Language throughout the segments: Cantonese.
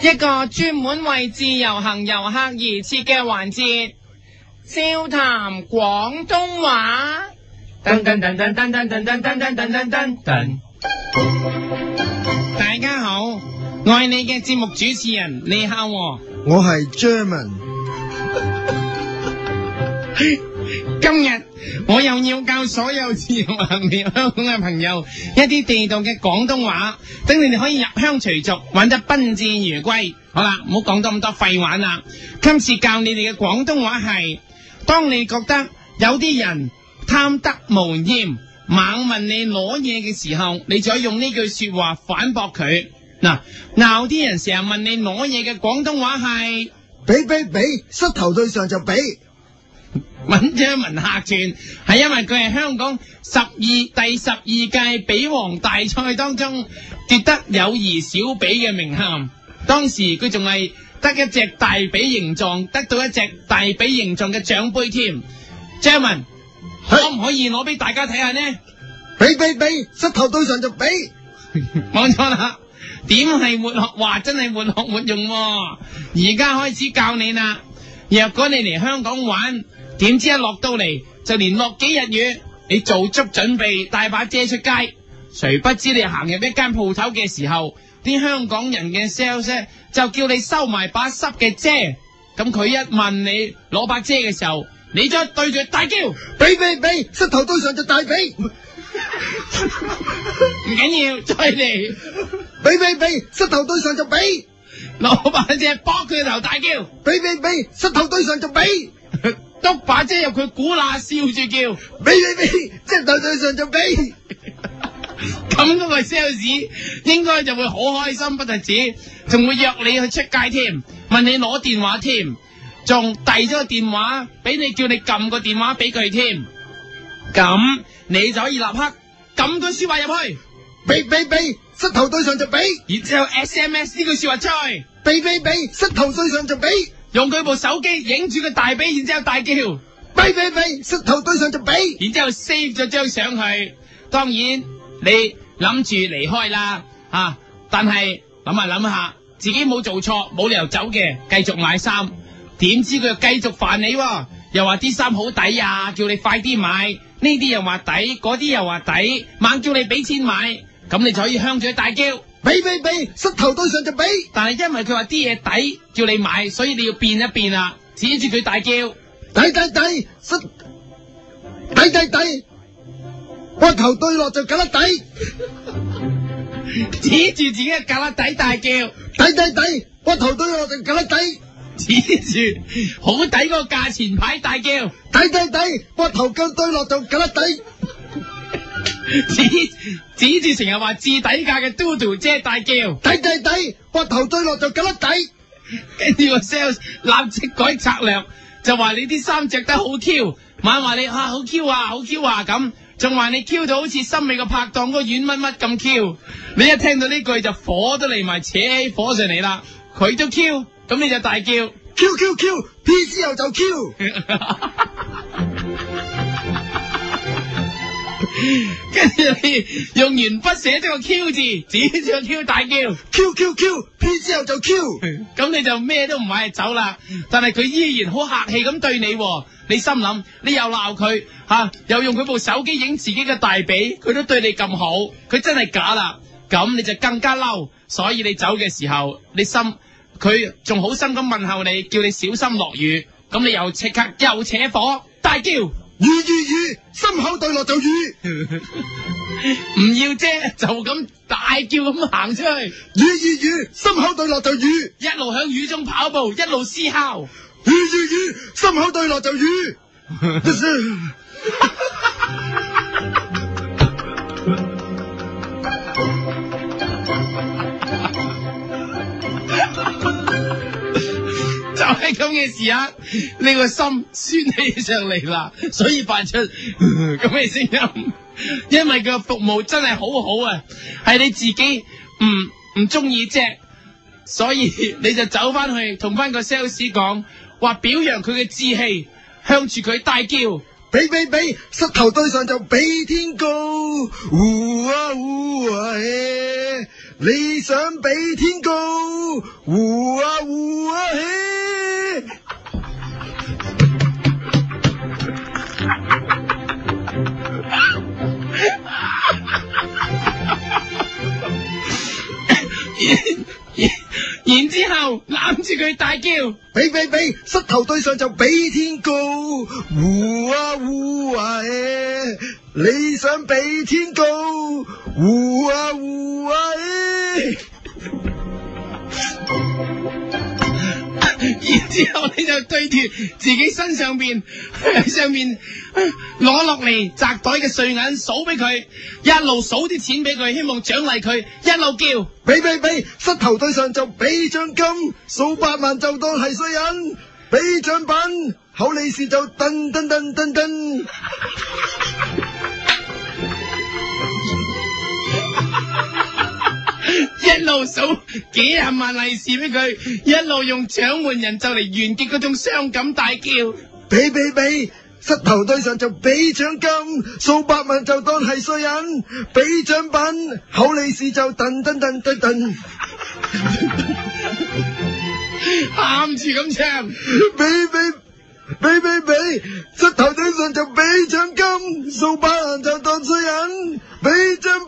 一個專門為自由行遊客而設嘅環節，笑談廣東話。大家好，愛你嘅節目主持人，你係我，我係 German。今日我又要教所有自由行嚟香港嘅朋友一啲地道嘅廣東話，等你哋可以入鄉隨俗，玩得賓至如歸。好啦，唔好講咁多廢話啦。今次教你哋嘅廣東話係：當你覺得有啲人貪得無厭，猛問你攞嘢嘅時候，你就用呢句說話反駁佢。嗱，鬧啲人成日問你攞嘢嘅廣東話係：俾俾俾，膝頭對上就俾。搵張文客串，係因為佢係香港十二第十二屆比王大賽當中奪得友誼小比嘅名銜，當時佢仲係得一隻大髀形狀，得到一隻大髀形狀嘅獎杯添。張文是可唔可以攞俾大家睇下呢？比比比，膝頭對上就比，冇 錯啦。點係活學？哇，真係活學活用、啊。而家開始教你啦。若果你嚟香港玩，點知一落到嚟就連落幾日雨？你做足準備帶把遮出街，誰不知你行入一間鋪頭嘅時候，啲香港人嘅 sales 就叫你收埋把濕嘅遮。咁佢一問你攞把遮嘅時候，你就對住大叫：俾俾俾，膝頭對上就大髀。唔 緊要，再嚟。俾俾俾，膝頭對上就髀。老闆姐，幫佢頭大叫，俾俾俾，膝頭對上就俾，督 把遮入佢鼓喇，笑住叫，俾俾俾，膝頭對上就俾。咁嗰、 嗰個 sales 應該就會好開心，不得止，仲會約你去出街添，問你攞電話添，仲遞咗個電話俾你，叫你撳個電話俾佢添。咁你就可以立刻咁多說話入去，俾俾俾。膝頭對上就俾，然之後 S M S 呢句說話出，俾俾俾，膝頭對上就俾，用佢部手機影住個大髀，然之後大叫，俾俾俾，膝頭對上就俾，然之後 save 咗張相去。當然你諗住離開啦，吓、啊，但係諗下諗下，自己冇做錯，冇理由走嘅，繼續買衫。點知佢又繼續煩你、啊，又話啲衫好抵啊，叫你快啲買。呢啲又話抵，嗰啲又話抵，猛叫你俾錢買。咁你就可以向住佢大叫，髀髀髀，膝頭對上就髀。但係因為佢話啲嘢抵，叫你買，所以你要變一變啦。指住佢大叫，抵抵抵，膝，抵抵抵，膊頭對落就胳肋底。指住 自己嘅胳肋底大叫，抵抵抵，膊頭對落就胳肋底。指住好抵嗰個價錢牌大叫，抵抵抵，膊頭腳對落就胳肋底。 指指住成日話至底價嘅嘟嘟姐大叫，抵抵抵，膊頭對落就咁粒底，跟住個 sales 立即改策略，就話你啲衫着得好 q，猛話你啊好 q 啊，好 q 啊咁，仲話你 q 到好似新美個拍檔嗰個軟乜乜咁 q，你一聽到呢句就火都嚟埋扯起火上嚟啦，佢都 q，咁你就大叫 q q q，p 之後就 q。 跟住用完筆寫咗個 Q 字，指住 Q 大叫 Q Q Q，P 之後就 Q，咁 你就咩都唔買走啦。但係佢依然好客氣咁對你，哦，你心諗你又鬧佢吓，又用佢部手機影自己嘅大髀，佢都對你咁好，佢真係假啦？咁你就更加嬲，所以你走嘅時候，你心佢仲好心咁問候你，叫你小心落雨，咁你又即刻又扯火大叫。雨雨雨，心口對落就雨，唔 要遮，就咁大叫咁行出去。雨雨雨，心口對落就雨，一路響雨中跑步，一路思考，雨雨雨，心口對落就雨。 就係咁嘅時候，你個心酸起上嚟啦，所以扮出咁嘅聲音。因為個服務真係好好啊，係你自己唔唔中意啫，所以你就走翻去同翻個 sales 講，話表揚佢嘅志氣，向住佢大叫：俾俾俾，膝頭對上就比天高，嗚啊嗚啊理想比天高，呼啊呼啊起！佢大叫：比比比，膝頭對上就比天高，呼啊呼啊！你想比天高，呼啊呼啊！ 之後你就對住自己身上邊， 上面攞落嚟窄袋嘅碎銀數俾佢，一路數啲錢俾佢，希望獎勵佢，一路叫，俾俾俾，膝頭對上就俾獎金，數百萬就當係碎銀，俾獎品，口利是就噔噔噔噔噔。 一路數幾廿萬利是俾佢，一路用獎門人就嚟完結嗰種傷感大叫，俾俾俾，膝頭對上就俾獎金，數百萬就當係衰人，俾獎品，好利是就噔噔噔噔噔，喊住咁唱，俾俾俾俾俾，膝頭對上就俾獎金，數百萬就當衰人，俾獎。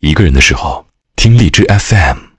一個人的時候，聽荔枝 FM。